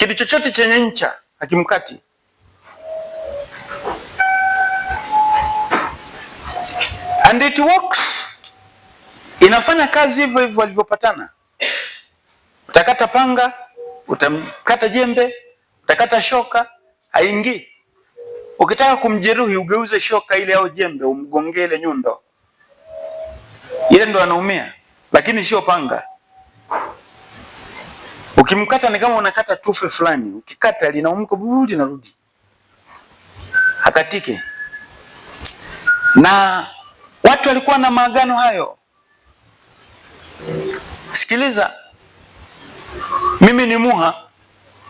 Kitu chochote chenye ncha hakimkati. And it works. Inafanya kazi hivyo hivyo walivyopatana. Utakata panga, utakata jembe, utakata shoka, haingii. Ukitaka kumjeruhi ugeuze shoka ile au jembe, umgongee ile nyundo ile, ndo anaumia, lakini sio panga. Ukimkata ni kama unakata tufe fulani, ukikata linaumka buu, linarudi hakatike. Na watu walikuwa na maagano hayo. Sikiliza, mimi ni Muha,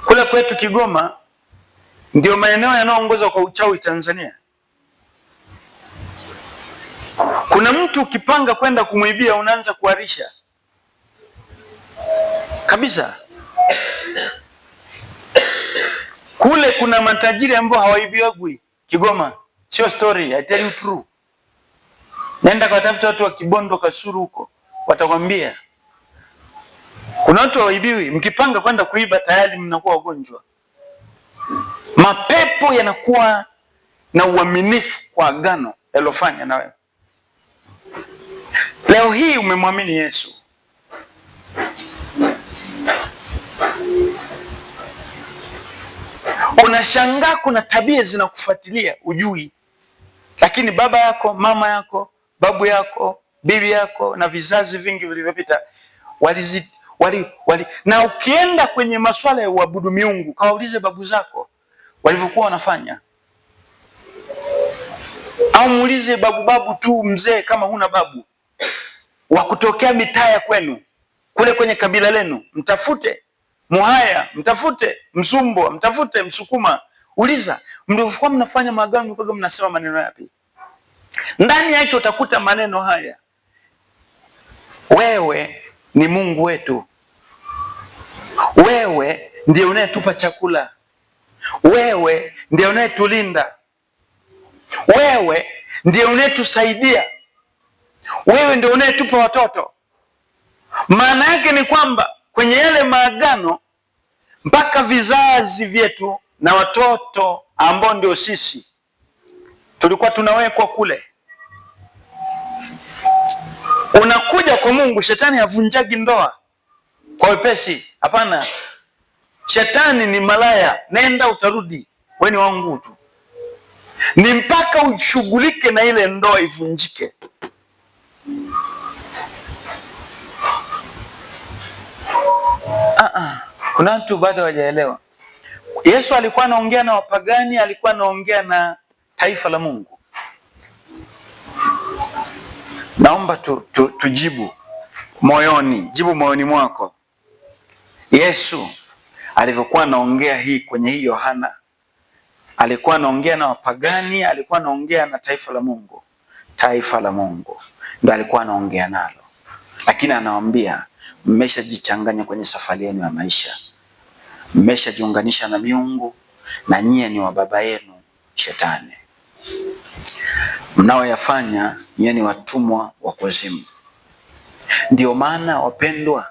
kule kwetu Kigoma ndio maeneo yanayoongoza kwa uchawi Tanzania. Kuna mtu ukipanga kwenda kumwibia unaanza kuharisha kabisa. Kule kuna matajiri ambao hawaibiwagwi Kigoma, sio story, I tell you true. Nenda kwa tafuta watu wa Kibondo, Kasuru huko, watakwambia kuna watu hawaibiwi. Mkipanga kwenda kuiba tayari mnakuwa wagonjwa. Mapepo yanakuwa na uaminifu kwa agano alilofanya na wewe. Leo hii umemwamini Yesu unashangaa kuna tabia zinakufuatilia ujui, lakini baba yako, mama yako, babu yako, bibi yako na vizazi vingi vilivyopita walizi, wali, wali. Na ukienda kwenye masuala ya uabudu miungu, kawaulize babu zako walivyokuwa wanafanya, au muulize babu babu tu mzee, kama huna babu wa kutokea mitaa ya kwenu kule kwenye kabila lenu, mtafute Muhaya mtafute, Msumbwa mtafute, Msukuma uliza. Mlivyokuwa mnafanya maagano, mlikuwa mnasema maneno yapi? Ndani yake utakuta maneno haya: wewe ni Mungu wetu, wewe ndiye unayetupa chakula, wewe ndiye unayetulinda, wewe ndiye unayetusaidia, wewe ndiye unayetupa watoto. Maana yake ni kwamba kwenye yale maagano mpaka vizazi vyetu na watoto ambao ndio sisi tulikuwa tunawekwa kule. Unakuja kwa Mungu, shetani havunjagi ndoa kwa wepesi. Hapana, shetani ni malaya, nenda utarudi, we ni wangu tu, ni mpaka ushughulike na ile ndoa ivunjike. Kuna mtu bado hajaelewa. Yesu alikuwa anaongea na wapagani, alikuwa anaongea na taifa la Mungu. Naomba tu, tu, tujibu moyoni, jibu moyoni mwako. Yesu alivyokuwa anaongea hii kwenye hii Yohana, alikuwa anaongea na wapagani, alikuwa anaongea na taifa la Mungu. Taifa la Mungu ndo alikuwa anaongea nalo, lakini anawaambia mmeshajichanganya kwenye safari yenu ya maisha mmeshajiunganisha na miungu na nyie ni wa baba yenu Shetani. Mnaoyafanya nyie ni watumwa wa kuzimu. Ndiyo maana wapendwa,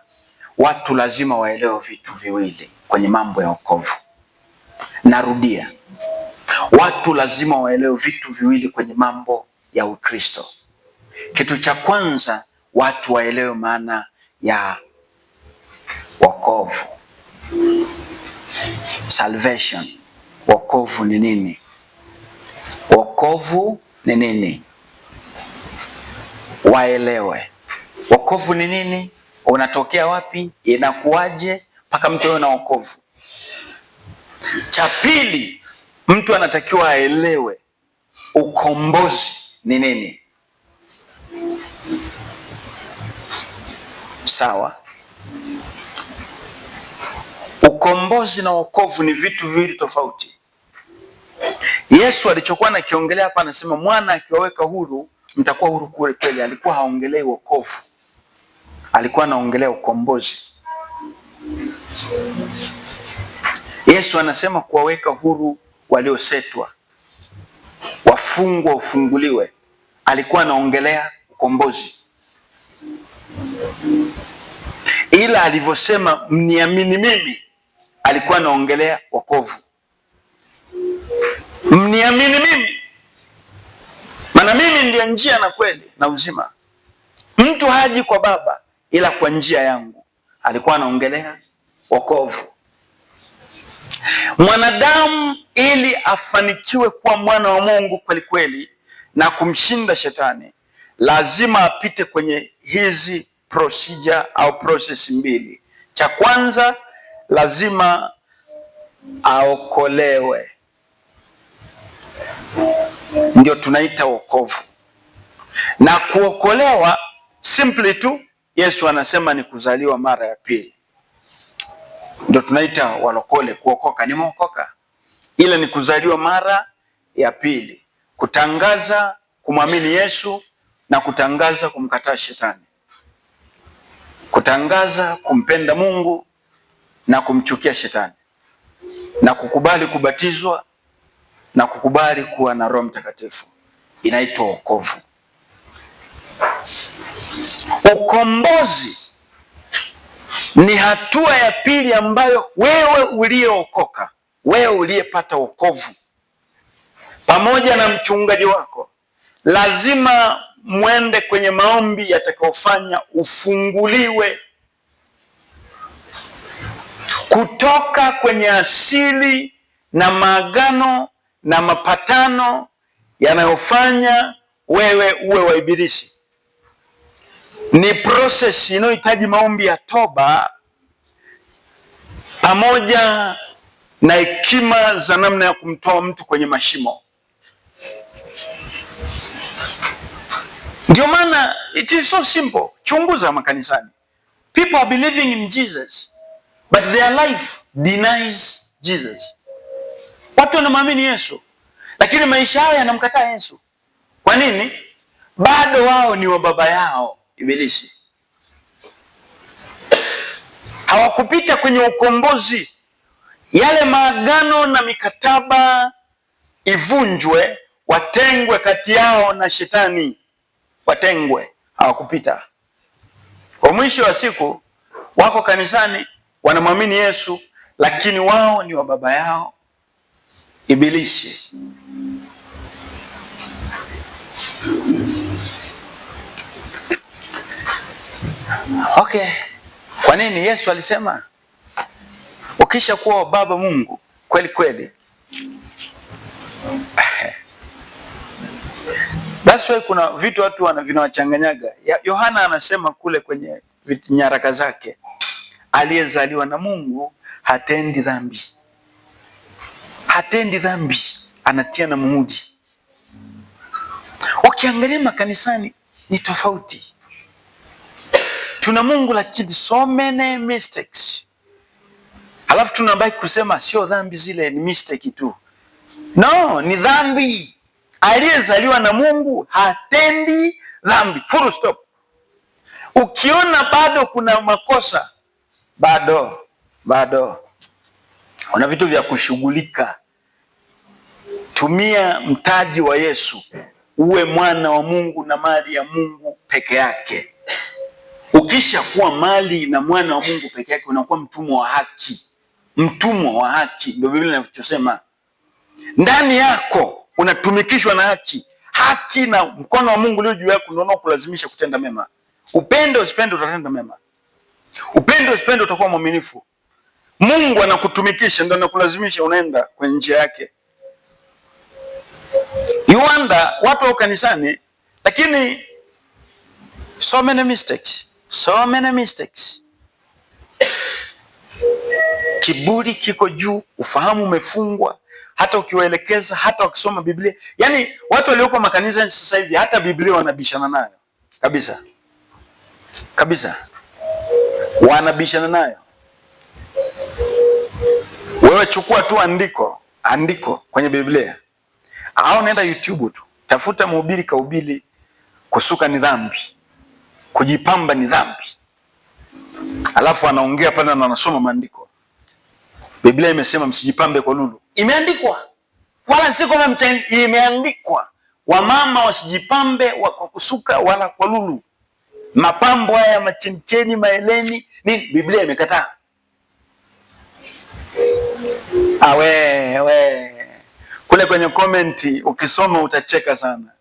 watu lazima waelewe vitu viwili kwenye mambo ya wokovu. Narudia, watu lazima waelewe vitu viwili kwenye mambo ya Ukristo. Kitu cha kwanza, watu waelewe maana ya wokovu. Salvation, wokovu ni nini? Wokovu ni nini? Waelewe wokovu ni nini, unatokea wapi, inakuwaje mpaka mtu awe na wokovu. Cha pili, mtu anatakiwa aelewe ukombozi ni nini. Sawa, ukombozi na wokovu ni vitu viwili tofauti. Yesu alichokuwa nakiongelea hapa, anasema mwana akiwaweka huru mtakuwa huru kule kweli. Alikuwa haongelei wokovu, alikuwa anaongelea ukombozi. Yesu anasema kuwaweka huru waliosetwa, wafungwa ufunguliwe. Alikuwa anaongelea ukombozi, ila alivyosema mniamini mimi alikuwa anaongelea wokovu. Mniamini mimi, maana mimi ndiye njia na kweli na uzima, mtu haji kwa Baba ila kwa njia yangu. Alikuwa anaongelea wokovu. Mwanadamu ili afanikiwe kuwa mwana wa Mungu kweli kweli na kumshinda shetani, lazima apite kwenye hizi procedure au process mbili. Cha kwanza lazima aokolewe, ndio tunaita wokovu. Na kuokolewa simply tu, Yesu anasema ni kuzaliwa mara ya pili, ndio tunaita walokole. Kuokoka nimeokoka, ila ni kuzaliwa mara ya pili, kutangaza kumwamini Yesu na kutangaza kumkataa shetani, kutangaza kumpenda Mungu na kumchukia shetani na kukubali kubatizwa na kukubali kuwa na Roho Mtakatifu inaitwa wokovu. Ukombozi ni hatua ya pili ambayo wewe uliyeokoka, wewe uliyepata wokovu, pamoja na mchungaji wako lazima mwende kwenye maombi yatakayofanya ufunguliwe kutoka kwenye asili na maagano na mapatano yanayofanya wewe uwe Ibilisi. Ni prosesi inayohitaji maombi ya toba pamoja na hekima za namna ya kumtoa mtu kwenye mashimo. Ndio maana it is so simple. Chunguza makanisani, people are believing in Jesus but their life denies Jesus. Watu wanamwamini Yesu lakini maisha yao yanamkataa Yesu. Kwa nini? Bado wao ni wa baba yao Ibilisi, hawakupita kwenye ukombozi. Yale maagano na mikataba ivunjwe, watengwe kati yao na shetani, watengwe, hawakupita. Kwa mwisho wa siku wako kanisani wanamwamini Yesu, lakini wao ni wa baba yao Ibilisi. Okay, kwa nini Yesu alisema ukisha kuwa wa baba Mungu kweli kweli, basi wewe, kuna vitu watu vinawachanganyaga. Yohana anasema kule kwenye nyaraka zake aliyezaliwa na Mungu hatendi dhambi, hatendi dhambi, anatia na muhuri. Ukiangalia makanisani ni tofauti, tuna Mungu lakini so many mistakes, alafu tunabaki kusema sio dhambi, zile ni mistake tu. No, ni dhambi. Aliyezaliwa na Mungu hatendi dhambi, full stop. Ukiona bado kuna makosa bado bado una vitu vya kushughulika. Tumia mtaji wa Yesu, uwe mwana wa Mungu na mali ya Mungu peke yake. Ukisha kuwa mali na mwana wa Mungu peke yake, unakuwa mtumwa wa haki. Mtumwa wa haki, ndio Biblia inavyosema, ndani yako unatumikishwa na haki. Haki na mkono wa Mungu ulio juu yako ndio unakulazimisha kutenda mema. Upende usipende, utatenda mema. Upendo usipende, utakuwa mwaminifu. Mungu anakutumikisha ndio anakulazimisha unaenda kwenye njia yake. Yuanda watu wa kanisani, lakini so many mistakes, so many mistakes. Kiburi kiko juu, ufahamu umefungwa, hata ukiwaelekeza, hata wakisoma Biblia. Yaani watu walioko makanisa sasa hivi hata Biblia wanabishana nayo kabisa kabisa wanabishana nayo. Wewe chukua tu andiko andiko kwenye Biblia au nenda YouTube tu tafuta mhubiri kaubili kusuka ni dhambi, kujipamba ni dhambi, alafu anaongea pale na anasoma maandiko. Biblia imesema msijipambe kwa lulu, imeandikwa wala si kwamba imeandikwa wamama wasijipambe kwa kusuka wala kwa lulu mapambo haya machenicheni, maeleni nini, Biblia imekataa. Awe, ah, awe. kule kwenye komenti ukisoma utacheka sana.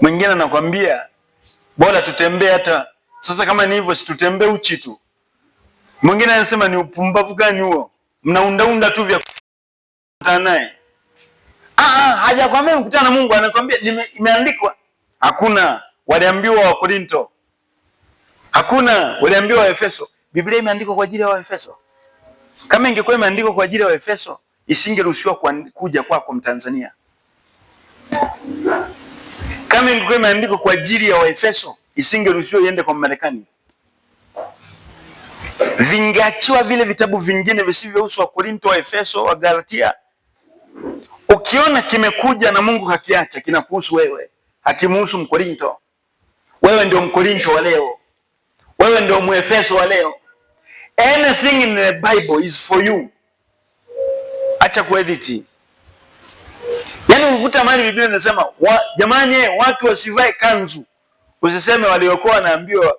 Mwingine anakwambia bora tutembee hata sasa, kama ni hivyo situtembee uchi tu. Mwingine anasema ni upumbavu gani huo, mnaundaunda tu vya naye. Ah, ah, hajakwambia mkutana na Mungu, anakwambia imeandikwa. Hakuna, waliambiwa wa Korinto Hakuna, waliambiwa Waefeso. Biblia imeandikwa kwa ajili ya Waefeso. Kama ingekuwa imeandikwa kwa ajili ya Waefeso, isingeruhusiwa kuja kwako kwa Mtanzania. Kama ingekuwa imeandikwa kwa ajili ya Waefeso, isingeruhusiwa iende kwa Marekani. Vingeachiwa vile vitabu vingine visivyohusu wa Korinto, wa Efeso, wa Galatia. Ukiona kimekuja na Mungu hakiacha, kinakuhusu wewe, hakimuhusu Mkorinto. Wewe ndio Mkorinto wa leo. Wewe ndio Mwefeso wa leo. Anything in the Bible is for you. Acha kuediti. Yaani ukuta mali Biblia inasema wa, jamani watu wasivae kanzu. Usiseme waliokuwa wanaambiwa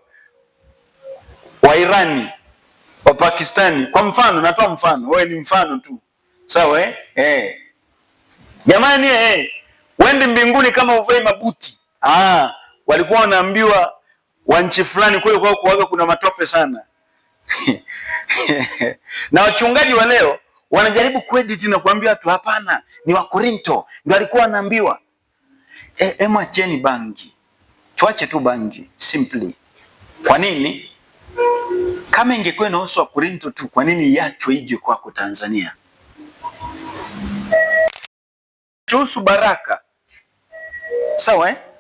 wa Irani, wa Pakistani. Kwa mfano, natoa mfano. Wewe ni mfano tu. Sawa eh? Eh. Jamani eh, eh. wende mbinguni kama uvae mabuti. Ah, walikuwa wanaambiwa wa nchi fulani kule kwao kuaga kuna matope sana na wachungaji wa leo wanajaribu credit na kuambia watu hapana, ni wa Korinto ndio alikuwa anaambiwa. E, e, mwacheni bangi, tuache tu bangi simply. Kwa nini? Kama ingekuwa inahusu wa Korinto tu, kwa nini iachwe ije kwako Tanzania? Tuhusu baraka, sawa eh?